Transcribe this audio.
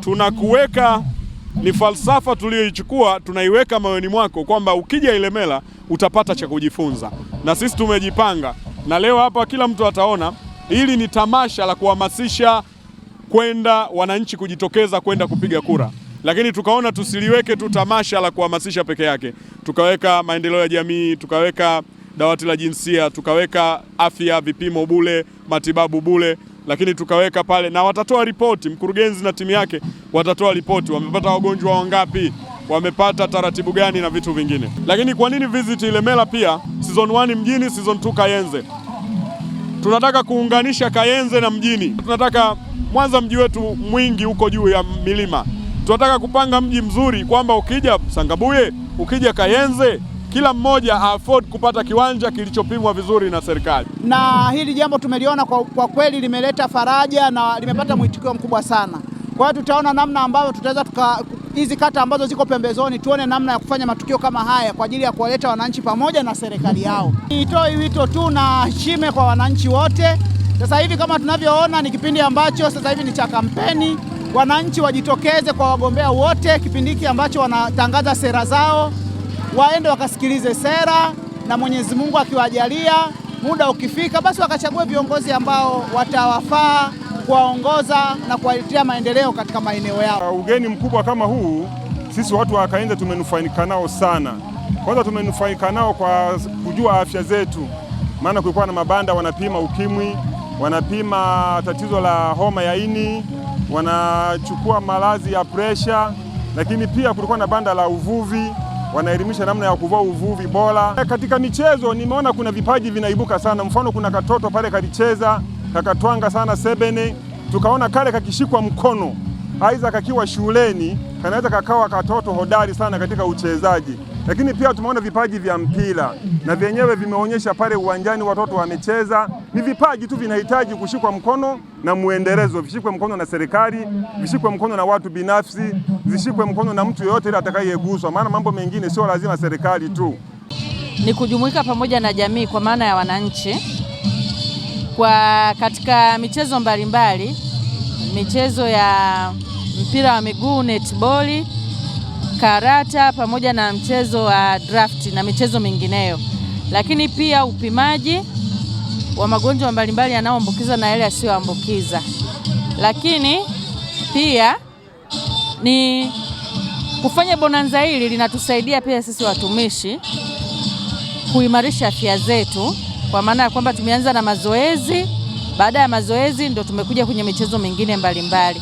Tunakuweka ni falsafa tuliyoichukua, tunaiweka moyoni mwako kwamba ukija Ilemela utapata cha kujifunza, na sisi tumejipanga, na leo hapa kila mtu ataona hili ni tamasha la kuhamasisha kwenda wananchi kujitokeza kwenda kupiga kura, lakini tukaona tusiliweke tu tamasha la kuhamasisha peke yake, tukaweka maendeleo ya jamii, tukaweka dawati la jinsia, tukaweka afya, vipimo bule, matibabu bule lakini tukaweka pale na watatoa ripoti, mkurugenzi na timu yake watatoa ripoti, wamepata wagonjwa wangapi, wamepata taratibu gani na vitu vingine. Lakini kwa nini visit Ilemela pia season 1 mjini, season 2 Kayenze? Tunataka kuunganisha Kayenze na mjini. Tunataka Mwanza mji wetu mwingi huko juu ya milima, tunataka kupanga mji mzuri kwamba ukija Sangabuye, ukija Kayenze kila mmoja afford kupata kiwanja kilichopimwa vizuri na serikali. Na hili jambo tumeliona kwa, kwa kweli limeleta faraja na limepata mwitikio mkubwa sana. Kwa hiyo tutaona namna ambavyo tutaweza tuka hizi kata ambazo ziko pembezoni, tuone namna ya kufanya matukio kama haya kwa ajili ya kuwaleta wananchi pamoja na serikali yao. Itoi wito tu na shime kwa wananchi wote. Sasa hivi kama tunavyoona ni kipindi ambacho sasa hivi ni cha kampeni. Wananchi wajitokeze kwa wagombea wote kipindi hiki ambacho wanatangaza sera zao waende wakasikilize sera, na Mwenyezi Mungu akiwajalia, muda ukifika, basi wakachague viongozi ambao watawafaa kuwaongoza na kuwaletea maendeleo katika maeneo yao. Uh, ugeni mkubwa kama huu, sisi watu wa Kayenze tumenufaika nao sana. Kwanza tumenufaika nao kwa kujua afya zetu, maana kulikuwa na mabanda wanapima ukimwi, wanapima tatizo la homa ya ini, wanachukua malazi ya presha, lakini pia kulikuwa na banda la uvuvi wanaelimisha namna ya kuvua uvuvi bora. Eh, katika michezo nimeona kuna vipaji vinaibuka sana, mfano kuna katoto pale kalicheza kakatwanga sana sebene, tukaona kale kakishikwa mkono Isaac akiwa shuleni kanaweza kakawa katoto hodari sana katika uchezaji, lakini pia tumeona vipaji vya mpira na vyenyewe vimeonyesha pale uwanjani, watoto wamecheza. Ni vipaji tu vinahitaji kushikwa mkono na muendelezo, vishikwe mkono na serikali, vishikwe mkono na watu binafsi, zishikwe mkono na mtu yoyote ile atakayeguswa, maana mambo mengine sio lazima serikali tu, ni kujumuika pamoja na jamii, kwa maana ya wananchi, kwa katika michezo mbalimbali, michezo ya mpira wa miguu, netball, karata pamoja na mchezo wa draft na michezo mingineyo, lakini pia upimaji wa magonjwa mbalimbali yanayoambukiza na yale yasiyoambukiza, lakini pia ni kufanya bonanza hili linatusaidia pia sisi watumishi kuimarisha afya zetu, kwa maana ya kwamba tumeanza na mazoezi. Baada ya mazoezi ndio tumekuja kwenye michezo mingine mbalimbali mbali.